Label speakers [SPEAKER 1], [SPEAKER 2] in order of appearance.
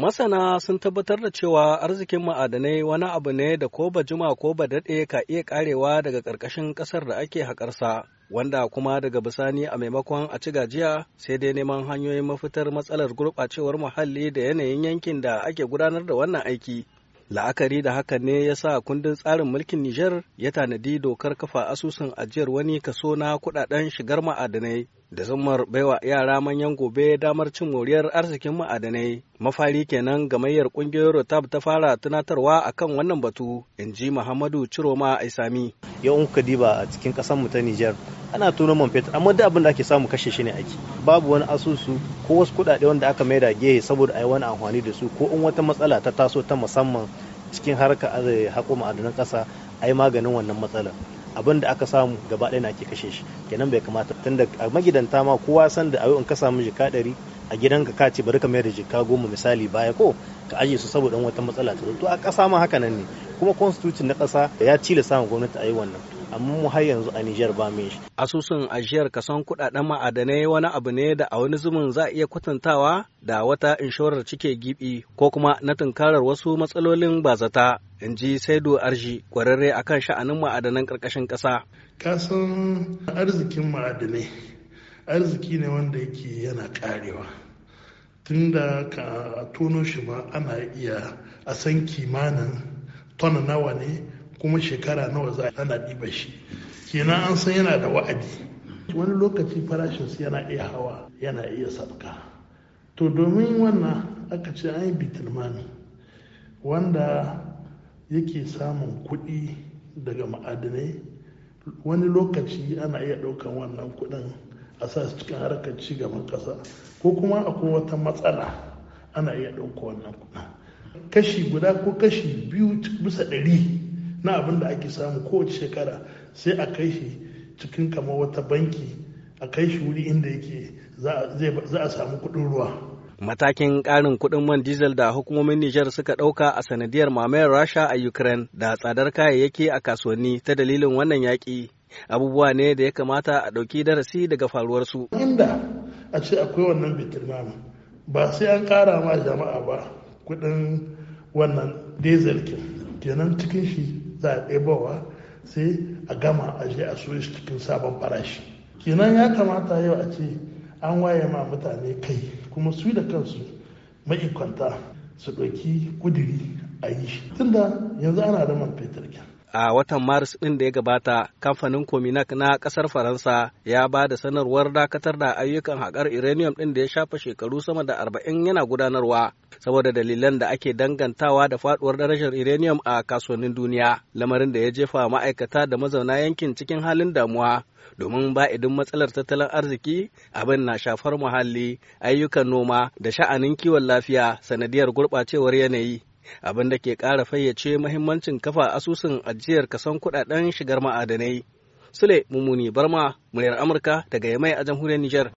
[SPEAKER 1] Masana sun tabbatar da cewa arzikin ma'adanai wani abu ne da ko ba jima ko ba daɗe ka iya karewa daga ƙarƙashin ƙasar da ake haƙarsa, wanda kuma daga bisani a maimakon a ci gajiya sai dai neman hanyoyin mafitar matsalar gurɓacewar muhalli da yanayin yankin da ake gudanar da wannan aiki. La'akari da hakan ne ya sa kundin tsarin mulkin Nijar ya tanadi dokar kafa asusun ajiyar wani kaso na kuɗaɗen shigar ma'adanai da zumar baiwa yara manyan gobe damar cin moriyar arzikin ma'adanai mafari kenan gamayyar kungiyar rotab ta fara tunatarwa akan wannan batu in ji muhammadu
[SPEAKER 2] ciroma aisami yau in kuka diba a cikin kasan mu ta nijar ana tono man fetur amma duk abin da ake samu kashe shi ne ake babu wani asusu ko wasu kuɗaɗe wanda aka da gehe saboda a yi wani amfani da su ko in wata matsala ta taso ta musamman cikin harkar eh, hako ma'adanan kasa a yi maganin wannan matsalar abin da aka samu gaba ɗaya na ke kashe shi kenan bai kamata tunda a magidanta ma kowa san da in ka samu jika ɗari a gidan ka ce bari ka mayar da jika goma misali baya ko ka aje su saboda wata matsala ta to a ƙasa ma haka ne kuma constitution na ƙasa ya cile samun gwamnati a yi wannan amma mu har yanzu a Nijar ba mai shi.
[SPEAKER 1] Asusun ajiyar kason kuɗaɗen ma'adanai wani abu ne da a wani zumin za a iya kwatantawa da wata inshorar cike gibi ko kuma na tunkarar wasu matsalolin bazata in ji Saidu Arji kwararre akan sha'anin ma'adanan ƙarƙashin ƙasa.
[SPEAKER 3] Kasan arzikin ma'adanai arziki ne wanda yake yana karewa tunda ka tono shi ma ana iya a san kimanin tona nawa ne kuma shekara nawa za a ana ɗiba shi kenan an san yana da wa'adi wani lokaci farashinsu yana iya hawa yana iya sabka to domin wannan aka ce an yi bitilmani wanda yake samun kuɗi daga ma'adinai wani lokaci ana iya ɗaukan wannan kuɗin a sa su cikin harkar ci gaban ƙasa ko kuma akwai wata matsala ana iya ɗauka wannan kuɗin kashi guda ko kashi biyu bisa ɗari na abin da ake samu kowace shekara sai a kai shi cikin kamar wata banki a kai shi wuri inda yake za a samu kuɗin ruwa
[SPEAKER 1] matakin ƙarin kuɗin man diesel da hukumomin Nijar suka ɗauka a sanadiyar mamayar Rasha a Ukraine da tsadar kayayyaki a kasuwanni ta dalilin wannan yaƙi abubuwa ne da ya kamata a ɗauki darasi daga faruwarsu.
[SPEAKER 3] Inda a ce akwai wannan bitirmama ba sai an ƙara ma jama'a ba kuɗin wannan diesel kenan cikin shi za bawa sai a gama a je a soya shi cikin sabon farashi kenan ya kamata yau a ce an waye ma mutane kai kuma su da kansu maikwanta
[SPEAKER 1] su ɗauki kudiri
[SPEAKER 3] a yi tunda yanzu ana da man fetur kenan
[SPEAKER 1] a watan maris ɗin da ya gabata kamfanin cominac na ƙasar faransa ya ba da sanarwar dakatar da ayyukan haƙar uranium ɗin da ya shafa shekaru sama da arba'in yana gudanarwa saboda dalilan da ake dangantawa da faɗuwar darajar uranium a kasuwannin duniya lamarin da ya jefa ma'aikata da mazauna yankin cikin halin damuwa domin ba idin matsalar tattalin arziki abin na shafar muhalli ayyukan noma da sha'anin kiwon lafiya sanadiyar gurɓacewar yanayi abin da ke ƙara fayyace mahimmancin kafa asusun ajiyar kason kuɗaɗen shigar ma'adanai. Sule Mumuni Barma, muryar Amurka daga Yamai a jamhuriyar Nijar.